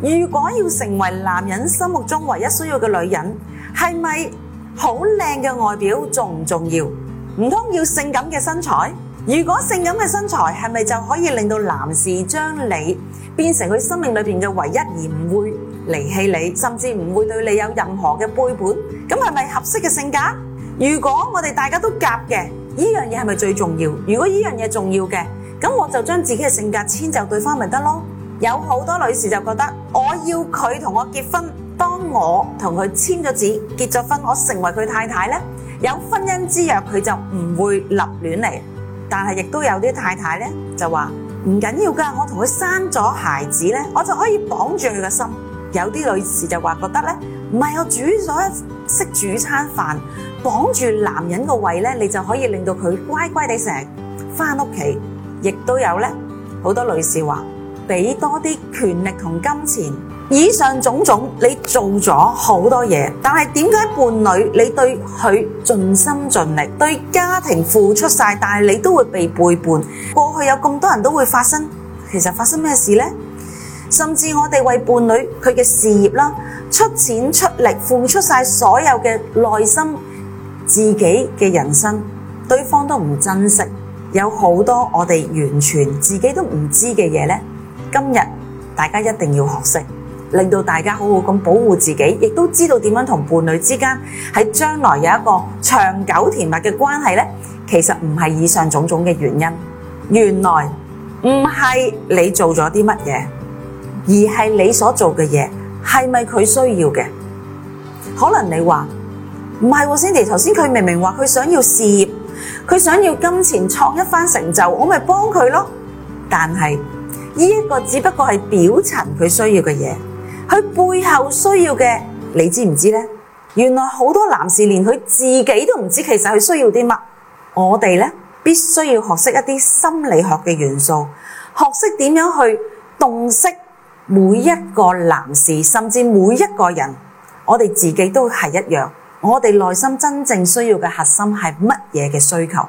如果要成為男人心目中唯一需要嘅女人，係咪好靚嘅外表重唔重要？唔通，要性感嘅身材？如果性感嘅身材係咪就可以令到男士將你變成佢生命裏面嘅唯一，而唔會離棄你，甚至唔會對你有任何嘅背叛？咁係咪合適嘅性格？如果我哋大家都夾嘅，呢樣嘢係咪最重要？如果呢樣嘢重要嘅，咁我就將自己嘅性格遷就對方咪得咯？有好多女士就覺得，我要佢同我結婚，當我同佢簽咗字，結咗婚，我成為佢太太咧，有婚姻之約，佢就唔會立亂嚟。但係亦都有啲太太咧就話唔緊要㗎，我同佢生咗孩子咧，我就可以綁住佢嘅心。有啲女士就話覺得咧，唔係我煮咗識煮餐飯綁住男人個胃咧，你就可以令到佢乖乖地成日翻屋企。亦都有咧好多女士話。俾多啲權力同金錢，以上種種你做咗好多嘢，但係點解伴侶你對佢盡心盡力，對家庭付出晒，但係你都會被背叛？過去有咁多人都會發生，其實發生咩事呢？甚至我哋為伴侶佢嘅事業啦，出錢出力付出晒所有嘅內心自己嘅人生，對方都唔珍惜，有好多我哋完全自己都唔知嘅嘢呢。今日大家一定要學識，令到大家好好咁保護自己，亦都知道點樣同伴侶之間喺將來有一個長久甜蜜嘅關係呢。其實唔係以上種種嘅原因，原來唔係你做咗啲乜嘢，而係你所做嘅嘢係咪佢需要嘅？可能你話唔係，Cindy，頭先佢明明話佢想要事業，佢想要金錢創一番成就，我咪幫佢咯。但係。呢一個只不過係表層佢需要嘅嘢，佢背後需要嘅，你知唔知呢？原來好多男士連佢自己都唔知，其實佢需要啲乜。我哋咧必須要學識一啲心理學嘅元素，學識點樣去洞悉每一個男士，甚至每一個人，我哋自己都係一樣。我哋內心真正需要嘅核心係乜嘢嘅需求？